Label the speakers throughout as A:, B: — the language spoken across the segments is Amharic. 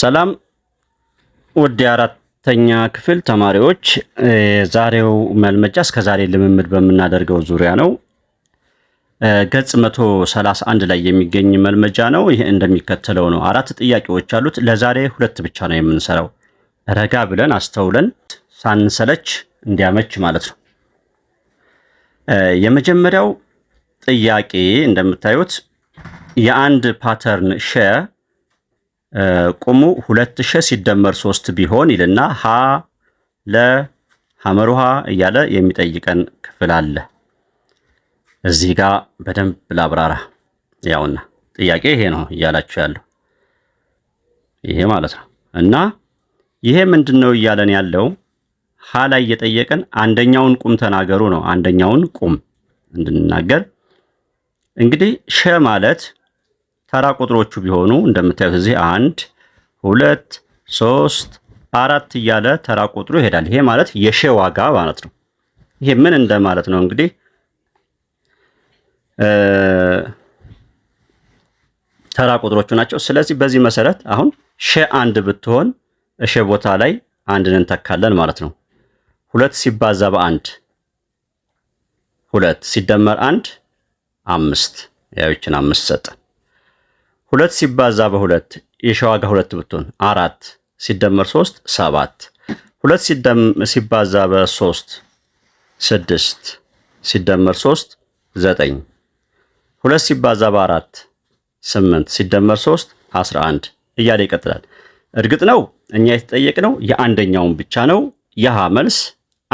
A: ሰላም ውድ የአራተኛ ክፍል ተማሪዎች፣ የዛሬው መልመጃ እስከ ዛሬ ልምምድ በምናደርገው ዙሪያ ነው። ገጽ 131 ላይ የሚገኝ መልመጃ ነው። ይህ እንደሚከተለው ነው። አራት ጥያቄዎች አሉት። ለዛሬ ሁለት ብቻ ነው የምንሰራው። ረጋ ብለን አስተውለን ሳንሰለች እንዲያመች ማለት ነው። የመጀመሪያው ጥያቄ እንደምታዩት የአንድ ፓተርን ሼር ቁሙ ሁለት ሸ ሲደመር ሶስት ቢሆን ይልና ሀ ለ ሐመር እያለ የሚጠይቀን ክፍል አለ። እዚህ ጋ በደንብ ላብራራ። ያውና ጥያቄ ይሄ ነው እያላችሁ ያለው ይሄ ማለት ነው። እና ይሄ ምንድን ነው እያለን ያለው ሀ ላይ እየጠየቀን አንደኛውን ቁም ተናገሩ ነው። አንደኛውን ቁም እንድንናገር እንግዲህ ሸ ማለት ተራ ቁጥሮቹ ቢሆኑ እንደምታዩት እዚህ አንድ ሁለት ሶስት አራት እያለ ተራ ቁጥሩ ይሄዳል። ይሄ ማለት የሸ ዋጋ ማለት ነው። ይሄ ምን እንደማለት ነው እንግዲህ ተራ ቁጥሮቹ ናቸው። ስለዚህ በዚህ መሰረት አሁን ሸ አንድ ብትሆን እሸ ቦታ ላይ አንድን እንተካለን ማለት ነው። ሁለት ሲባዛ በአንድ ሁለት ሲደመር አንድ አምስት ያዊችን አምስት ሰጠን። ሁለት ሲባዛ በሁለት የሸዋጋ ሁለት ብትሆን አራት ሲደመር ሶስት ሰባት ሁለት ሲባዛ በሶስት ስድስት ሲደመር ሶስት ዘጠኝ ሁለት ሲባዛ በአራት ስምንት ሲደመር ሶስት አስራ አንድ እያለ ይቀጥላል። እርግጥ ነው እኛ የተጠየቅነው የአንደኛውን ብቻ ነው። ያሃ መልስ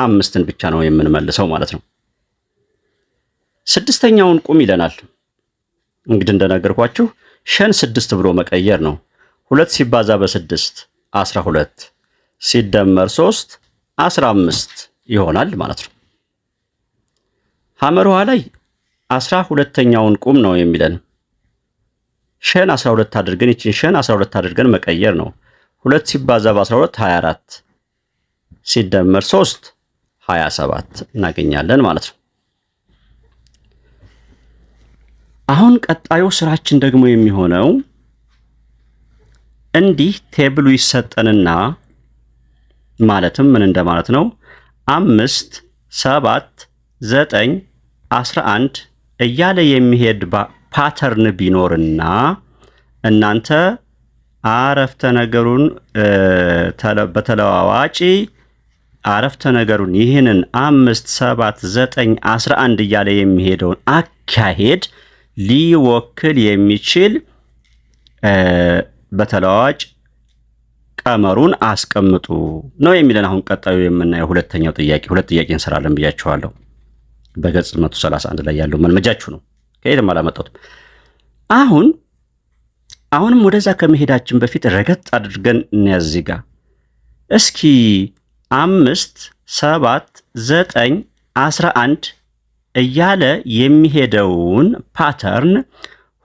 A: አምስትን ብቻ ነው የምንመልሰው ማለት ነው። ስድስተኛውን ቁም ይለናል። እንግዲህ እንደነገርኳችሁ ሸን ስድስት ብሎ መቀየር ነው። ሁለት ሲባዛ በስድስት አስራ ሁለት ሲደመር ሶስት አስራ አምስት ይሆናል ማለት ነው። ሐመር ውሃ ላይ አስራ ሁለተኛውን ቁም ነው የሚለን ሸን 12 አድርገን ይችን ሸን 12 አድርገን መቀየር ነው። ሁለት ሲባዛ በ12 24 ሲደመር ሶስት ሀያ ሰባት እናገኛለን ማለት ነው። አሁን ቀጣዩ ስራችን ደግሞ የሚሆነው እንዲህ ቴብሉ ይሰጠንና ማለትም ምን እንደማለት ነው አምስት ሰባት ዘጠኝ አስራ አንድ እያለ የሚሄድ ፓተርን ቢኖርና እናንተ አረፍተ ነገሩን በተለዋዋጪ አረፍተ ነገሩን ይህንን አምስት ሰባት ዘጠኝ አስራ አንድ እያለ የሚሄደውን አካሄድ ሊወክል የሚችል በተለዋጭ ቀመሩን አስቀምጡ ነው የሚለን። አሁን ቀጣዩ የምናየው ሁለተኛው ጥያቄ ሁለት ጥያቄ እንሰራለን ብያችኋለሁ። በገጽ 131 ላይ ያለው መልመጃችሁ ነው። ከየትም አላመጣሁትም። አሁን አሁንም ወደዛ ከመሄዳችን በፊት ረገጥ አድርገን እንያዝ። ጋር እስኪ አምስት ሰባት ዘጠኝ አስራ አንድ እያለ የሚሄደውን ፓተርን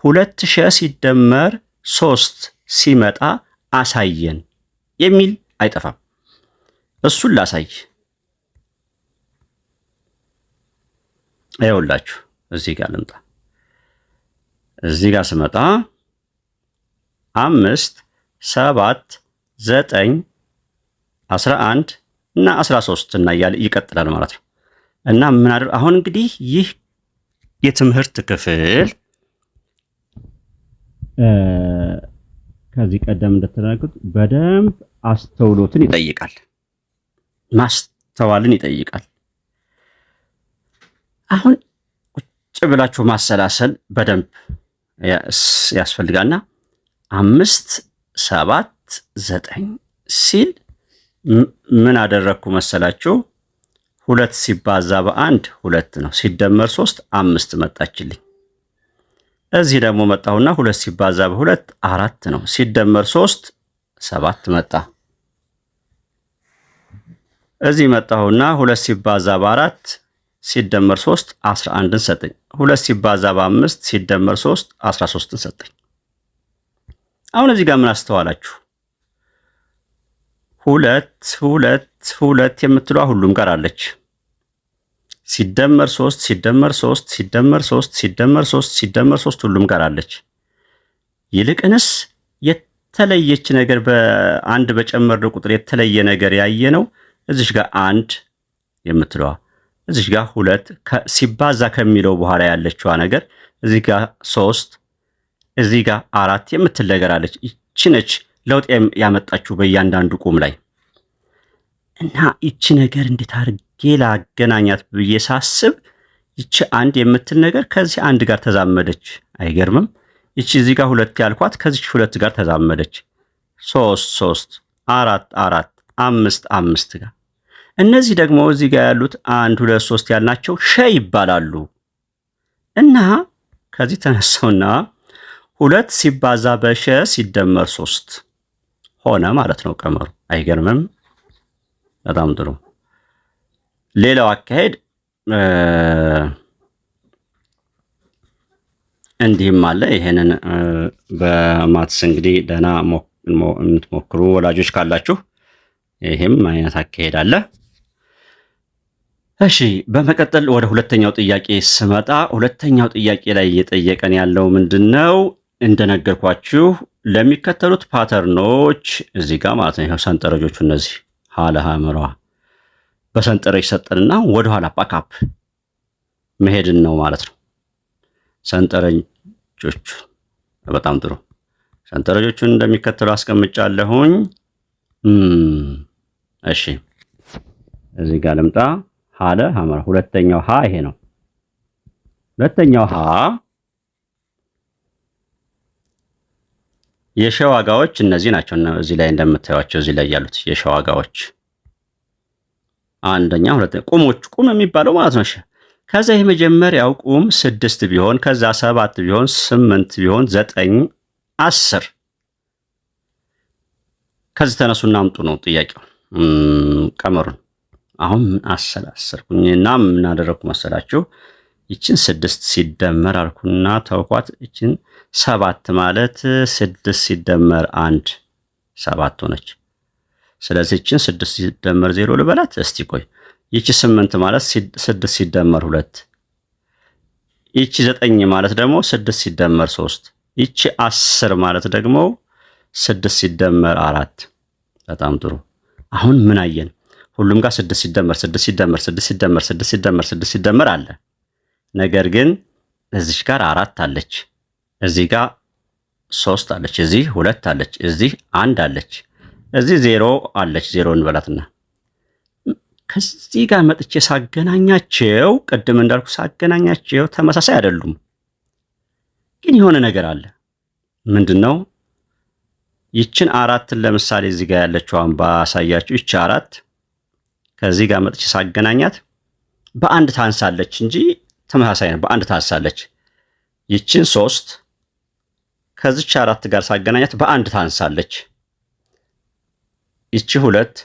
A: ሁለት ሸ ሲደመር ሶስት ሲመጣ አሳየን የሚል አይጠፋም። እሱን ላሳይ ይኸውላችሁ፣ እዚህ ጋር ልምጣ። እዚህ ጋር ስመጣ አምስት፣ ሰባት፣ ዘጠኝ፣ አስራ አንድ እና አስራ ሶስት እና እያለ ይቀጥላል ማለት ነው። እና ምናደ አሁን እንግዲህ ይህ የትምህርት ክፍል ከዚህ ቀደም እንደተናገሩት በደንብ አስተውሎትን ይጠይቃል፣ ማስተዋልን ይጠይቃል። አሁን ቁጭ ብላችሁ ማሰላሰል በደንብ ያስፈልጋልና አምስት ሰባት ዘጠኝ ሲል ምን አደረግኩ መሰላችሁ? ሁለት ሲባዛ በአንድ ሁለት ነው። ሲደመር ሶስት አምስት መጣችልኝ። እዚህ ደግሞ መጣሁና ሁለት ሲባዛ በሁለት አራት ነው። ሲደመር ሶስት ሰባት መጣ። እዚህ መጣሁና ሁለት ሲባዛ በአራት ሲደመር ሶስት አስራ አንድን ሰጠኝ። ሁለት ሲባዛ በአምስት ሲደመር ሶስት አስራ ሶስትን ሰጠኝ። አሁን እዚህ ጋር ምን አስተዋላችሁ? ሁለት ሁለት ሁለት የምትሏ ሁሉም ጋር አለች። ሲደመር ሶስት ሲደመር ሶስት ሲደመር ሶስት ሲደመር ሶስት ሲደመር ሶስት ሁሉም ጋር አለች። ይልቅንስ የተለየች ነገር በአንድ በጨመርነው ቁጥር የተለየ ነገር ያየ ነው። እዚሽ ጋር አንድ የምትለዋ እዚሽ ጋር ሁለት ሲባዛ ከሚለው በኋላ ያለችዋ ነገር እዚህ ጋር ሶስት እዚህ ጋር አራት የምትል ነገር አለች። ይቺ ነች ለውጥ ያመጣችው በእያንዳንዱ ቁም ላይ እና ይቺ ነገር እንዴት አድርጌ ላገናኛት ብዬ ሳስብ ይቺ አንድ የምትል ነገር ከዚህ አንድ ጋር ተዛመደች። አይገርምም? ይቺ እዚህ ጋር ሁለት ያልኳት ከዚች ሁለት ጋር ተዛመደች። ሶስት ሶስት፣ አራት አራት፣ አምስት አምስት ጋር እነዚህ ደግሞ እዚህ ጋር ያሉት አንድ ሁለት ሶስት ያልናቸው ሸ ይባላሉ እና ከዚህ ተነሳውና ሁለት ሲባዛ በሸ ሲደመር ሶስት ሆነ ማለት ነው ቀመሩ። አይገርምም? በጣም ጥሩ። ሌላው አካሄድ እንዲህም አለ። ይሄንን በማትስ እንግዲህ ደህና የምትሞክሩ ወላጆች ካላችሁ ይህም አይነት አካሄድ አለ። እሺ በመቀጠል ወደ ሁለተኛው ጥያቄ ስመጣ ሁለተኛው ጥያቄ ላይ እየጠየቀን ያለው ምንድን ነው? እንደነገርኳችሁ ለሚከተሉት ፓተርኖች እዚህ ጋር ማለት ነው። ሰንጠረጆቹ እነዚህ ሀለ ሀምሯ በሰንጠረጅ ሰጠንና ወደኋላ ባካፕ መሄድን ነው ማለት ነው። ሰንጠረጆቹ በጣም ጥሩ። ሰንጠረጆቹን እንደሚከተሉ አስቀምጫለሁኝ። እሺ እዚህ ጋር ልምጣ። ሀለ ሀምሯ ሁለተኛው ሀ ይሄ ነው። ሁለተኛው ሀ የሸ ዋጋዎች እነዚህ ናቸው። እዚህ ላይ እንደምታዩቸው እዚህ ላይ ያሉት የሸ ዋጋዎች አንደኛ፣ ሁለተኛ ቁሞች ቁም የሚባለው ማለት ነው። ከዛ የመጀመሪያው ቁም ስድስት ቢሆን ከዛ ሰባት ቢሆን ስምንት ቢሆን ዘጠኝ አስር ከዚህ ተነሱ እናምጡ ነው ጥያቄው። ቀመሩን አሁን አሰላሰርኩኝና ምን አደረግኩ መሰላችሁ? ይችን ስድስት ሲደመር አልኩና ተውኳት። ይችን ሰባት ማለት ስድስት ሲደመር አንድ ሰባት ሆነች። ስለዚህ ይችን ስድስት ሲደመር ዜሮ ልበላት። እስቲ ቆይ ይቺ ስምንት ማለት ስድስት ሲደመር ሁለት። ይቺ ዘጠኝ ማለት ደግሞ ስድስት ሲደመር ሶስት። ይቺ አስር ማለት ደግሞ ስድስት ሲደመር አራት። በጣም ጥሩ። አሁን ምን አየን? ሁሉም ጋር ስድስት ሲደመር ስድስት ሲደመር ስድስት ሲደመር ስድስት ሲደመር ስድስት ሲደመር አለ። ነገር ግን እዚች ጋር አራት አለች፣ እዚህ ጋር ሶስት አለች፣ እዚህ ሁለት አለች፣ እዚህ አንድ አለች፣ እዚህ ዜሮ አለች። ዜሮ እንበላትና ከዚህ ጋር መጥቼ ሳገናኛቸው ቅድም እንዳልኩ ሳገናኛቸው ተመሳሳይ አይደሉም፣ ግን የሆነ ነገር አለ። ምንድን ነው? ይችን አራትን ለምሳሌ እዚህ ጋር ያለችዋን ባሳያችሁ ይች አራት ከዚህ ጋር መጥቼ ሳገናኛት በአንድ ታንሳለች እንጂ ተመሳሳይ ነው። በአንድ ታንሳለች። ይችን ሶስት ከዚች አራት ጋር ሳገናኛት በአንድ ታንሳለች። ይቺ ሁለት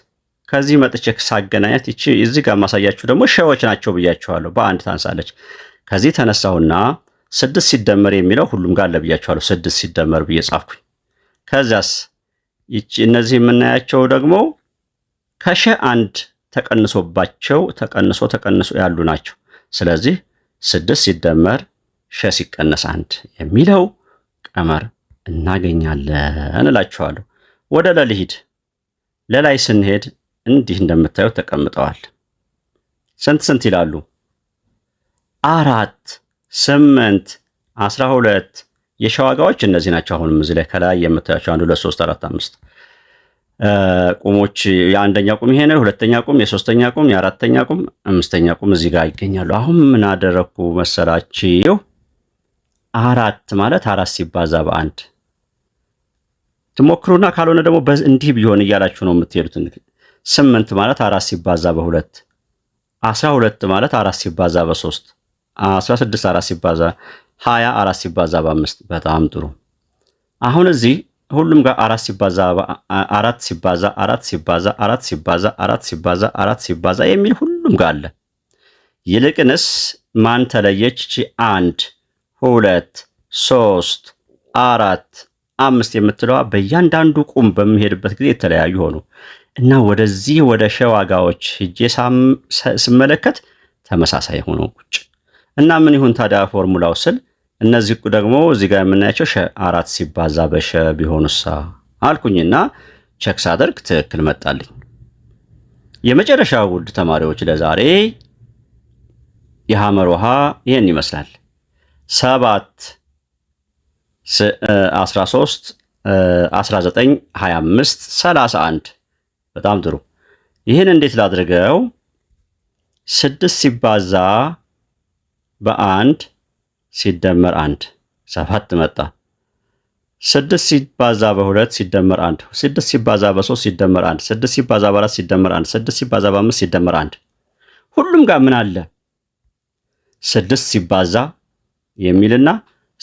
A: ከዚህ መጥቼ ሳገናኛት ይቺ እዚህ ጋር ማሳያችሁ ደግሞ ሸዎች ናቸው ብያችኋለሁ። በአንድ ታንሳለች። ከዚህ ተነሳሁና ስድስት ሲደመር የሚለው ሁሉም ጋር ለብያችኋለሁ። ስድስት ሲደመር ብዬ ጻፍኩኝ። ከዚያስ ይቺ እነዚህ የምናያቸው ደግሞ ከሸ አንድ ተቀንሶባቸው ተቀንሶ ተቀንሶ ያሉ ናቸው። ስለዚህ ስድስት ሲደመር ሸ ሲቀነስ አንድ የሚለው ቀመር እናገኛለን እላችኋለሁ። ወደ ለልሂድ ለላይ ስንሄድ እንዲህ እንደምታዩት ተቀምጠዋል። ስንት ስንት ይላሉ? አራት፣ ስምንት፣ አስራ ሁለት የሸዋጋዎች እነዚህ ናቸው። አሁንም እዚህ ላይ ከላይ የምታያቸው አንድ፣ ሁለት፣ ሶስት፣ አራት፣ አምስት ቁሞች የአንደኛ ቁም ይሄ ነው። ሁለተኛ ቁም፣ የሶስተኛ ቁም፣ የአራተኛ ቁም፣ አምስተኛ ቁም እዚህ ጋር ይገኛሉ። አሁን ምን አደረግኩ መሰላችሁ? አራት ማለት አራት ሲባዛ በአንድ ትሞክሩና ካልሆነ ደግሞ እንዲህ ቢሆን እያላችሁ ነው የምትሄዱት። ስምንት ማለት አራት ሲባዛ በሁለት አስራ ሁለት ማለት አራት ሲባዛ በሶስት አስራ ስድስት አራት ሲባዛ ሀያ አራት ሲባዛ በአምስት በጣም ጥሩ። አሁን እዚህ ሁሉም ጋር አራት ሲባዛ አራት ሲባዛ አራት ሲባዛ አራት ሲባዛ አራት ሲባዛ አራት ሲባዛ የሚል ሁሉም ጋር አለ። ይልቅንስ ማን ተለየች? እቺ አንድ ሁለት ሶስት አራት አምስት የምትለዋ በእያንዳንዱ ቁም በምሄድበት ጊዜ የተለያዩ ሆኑ እና ወደዚህ ወደ ሸዋጋዎች ሂጄ ስመለከት ተመሳሳይ ሆኖ ቁጭ እና ምን ይሁን ታዲያ ፎርሙላው ስል እነዚህ ደግሞ እዚህ ጋር የምናያቸው ሸ አራት ሲባዛ በሸ ቢሆኑሳ አልኩኝና ቸክ ሳደርግ ትክክል መጣልኝ። የመጨረሻ ውድ ተማሪዎች ለዛሬ የሐመር ውሃ ይህን ይመስላል። ሰባት 13 19 25 31 በጣም ጥሩ። ይህን እንዴት ላድርገው? ስድስት ሲባዛ በአንድ ሲደመር አንድ ሰባት መጣ። ስድስት ሲባዛ በሁለት ሲደመር አንድ ስድስት ሲባዛ በሶስት ሲደመር አንድ ስድስት ሲባዛ በአራት ሲደመር አንድ ስድስት ሲባዛ በአምስት ሲደመር አንድ ሁሉም ጋር ምን አለ? ስድስት ሲባዛ የሚልና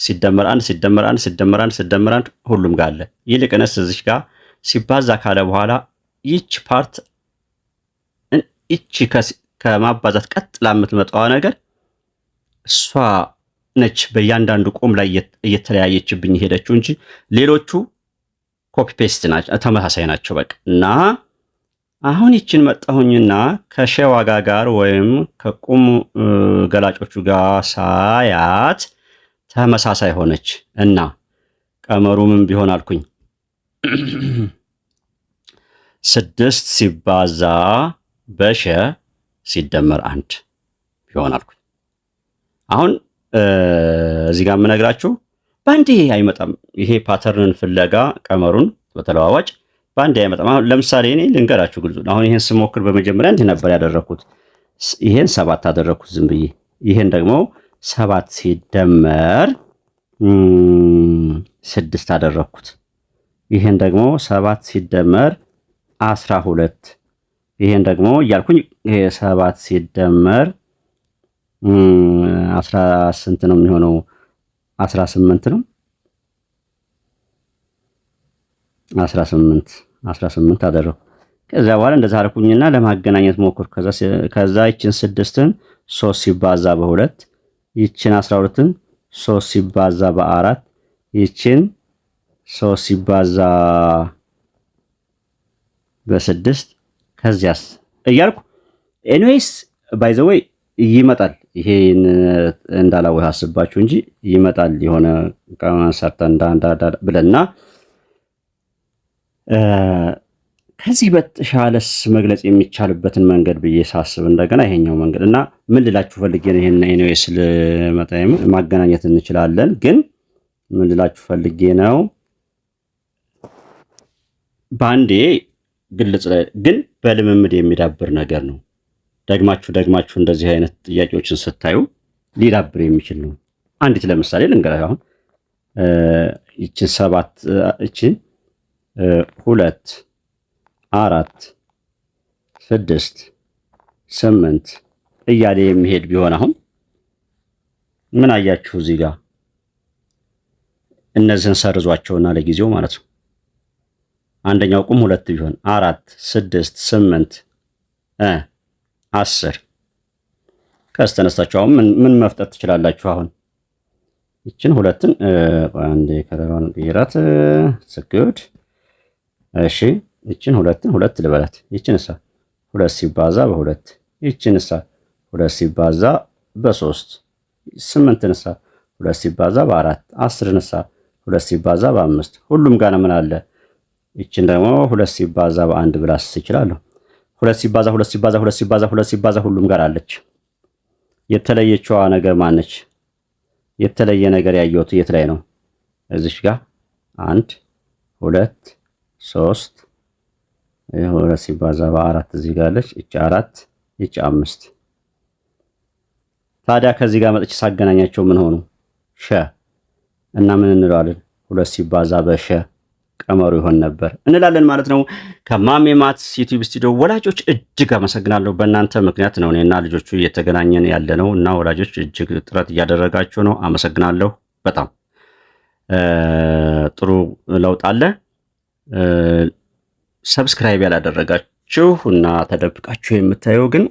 A: ሲደመር አንድ ሲደመር አንድ ሲደመር አንድ ሲደመር አንድ ሁሉም ጋር አለ። ይልቅነስ እዚህ ጋር ሲባዛ ካለ በኋላ ይች ፓርት ይቺ ከማባዛት ቀጥላ የምትመጣዋ ነገር እሷ ነች በእያንዳንዱ ቆም ላይ እየተለያየችብኝ ሄደችው እንጂ ሌሎቹ ኮፒ ፔስት ተመሳሳይ ናቸው። በቃ እና አሁን ይችን መጣሁኝና ከሸዋጋ ጋር ወይም ከቁም ገላጮቹ ጋር ሳያት ተመሳሳይ ሆነች እና ቀመሩ ምን ቢሆን አልኩኝ ስድስት ሲባዛ በሸ ሲደመር አንድ ቢሆን አልኩኝ አሁን እዚህ ጋር የምነግራችሁ በአንዴ አይመጣም። ይሄ ፓተርንን ፍለጋ ቀመሩን በተለዋዋጭ በአንዴ አይመጣም። አሁን ለምሳሌ እኔ ልንገራችሁ ግልጹ። አሁን ይሄን ስሞክር በመጀመሪያ እንዲህ ነበር ያደረግኩት። ይሄን ሰባት አደረግኩት ዝም ብዬ። ይሄን ደግሞ ሰባት ሲደመር ስድስት አደረግኩት። ይሄን ደግሞ ሰባት ሲደመር አስራ ሁለት ይሄን ደግሞ እያልኩኝ ሰባት ሲደመር አስራ ስንት ነው የሚሆነው? አስራ ስምንት ነው። አስራ ስምንት አስራ ስምንት አደረኩ። ከዛ በኋላ እንደዛ አደረኩኝና ለማገናኘት ሞክር። ከዛ ይችን ስድስትን ሶስት ሲባዛ በሁለት ይችን አስራ ሁለትን ሶስት ሲባዛ በአራት ይችን ሶስት ሲባዛ በስድስት ከዚያስ እያልኩ ኤኒዌይስ ባይ ዘ ይመጣል። ይሄ እንዳላወሳስባችሁ እንጂ ይመጣል። የሆነ ሰርተን ብለና ከዚህ በተሻለስ መግለጽ የሚቻልበትን መንገድ ብዬ ሳስብ እንደገና ይሄኛው መንገድ እና ምን ልላችሁ ፈልጌ ነው ይሄን ኤኒዌይስ ማገናኘት እንችላለን፣ ግን ምን ልላችሁ ፈልጌ ነው በአንዴ ግልጽ፣ ግን በልምምድ የሚዳብር ነገር ነው። ደግማችሁ ደግማችሁ እንደዚህ አይነት ጥያቄዎችን ስታዩ ሊዳብር የሚችል ነው። አንዲት ለምሳሌ ልንገራ አሁን ይችን ሰባት ይችን ሁለት አራት ስድስት ስምንት እያለ የሚሄድ ቢሆን አሁን ምን አያችሁ እዚህ ጋር እነዚህን ሰርዟቸውና ለጊዜው ማለት ነው። አንደኛው ቁም ሁለት ቢሆን አራት ስድስት ስምንት አስር አሁን ምን መፍጠት ትችላላችሁ? አሁን ይችን ሁለትን አንዴ ከለሯን ብሄራት ስግድ። እሺ ይችን ሁለትን ሁለት ልበላት። ይችን እሳ ሁለት ሲባዛ በሁለት ይችን እሳ ሁለት ሲባዛ በሶስት ስምንት ንሳ ሁለት ሲባዛ በአራት አስር ንሳ ሁለት ሲባዛ በአምስት ሁሉም ጋር ምን አለ? ይችን ደግሞ ሁለት ሲባዛ በአንድ ብላስ ይችላለሁ ሁለት ሲባዛ ሁለት ሲባዛ ሁለት ሲባዛ ሁለት ሲባዛ ሁሉም ጋር አለች። የተለየችዋ ነገር ማነች? የተለየ ነገር ያየሁት የት ላይ ነው? እዚሽ ጋር አንድ ሁለት ሶስት ሁለት ሲባዛ በአራት እዚህ ጋር አለች። እቺ አራት እቺ አምስት። ታዲያ ከዚህ ጋር መጥቼ ሳገናኛቸው ምን ሆኑ? ሸ እና ምን እንለዋለን? ሁለት ሲባዛ በሸ ቀመሩ ይሆን ነበር እንላለን ማለት ነው። ከማሜ ማትስ ዩቲዩብ ስቱዲዮ ወላጆች እጅግ አመሰግናለሁ። በእናንተ ምክንያት ነው እኔና ልጆቹ እየተገናኘን ያለ ነው እና ወላጆች እጅግ ጥረት እያደረጋችሁ ነው። አመሰግናለሁ። በጣም ጥሩ ለውጥ አለ። ሰብስክራይብ ያላደረጋችሁ እና ተደብቃችሁ የምታዩ ግን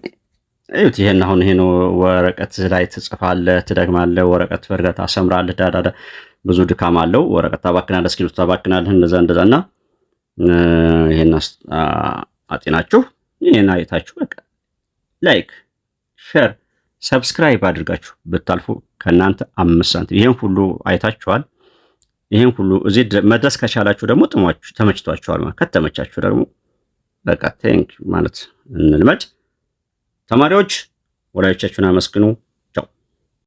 A: እዩት። ይሄን አሁን ይሄን ወረቀት ላይ ትጽፋለህ፣ ትደግማለህ፣ ወረቀት በርጋ ታሰምራለህ፣ ዳዳዳ ብዙ ድካም አለው። ወረቀት ታባክናለህ፣ እስክሪብቶ ታባክናለህ፣ እንደዛ እንደዛ እና ይሄን አጤናችሁ ይሄን አይታችሁ በቃ ላይክ፣ ሼር፣ ሰብስክራይብ አድርጋችሁ ብታልፉ ከእናንተ አምስት ሳንቲም ይሄን ሁሉ አይታችኋል። ይሄን ሁሉ እዚህ መድረስ ከቻላችሁ ደግሞ ጥሟችሁ ተመችቷችኋል ማለት ከተመቻችሁ ደግሞ በቃ ቴንክ ማለት እንልመድ። ተማሪዎች ወላጆቻችሁን አመስግኑ።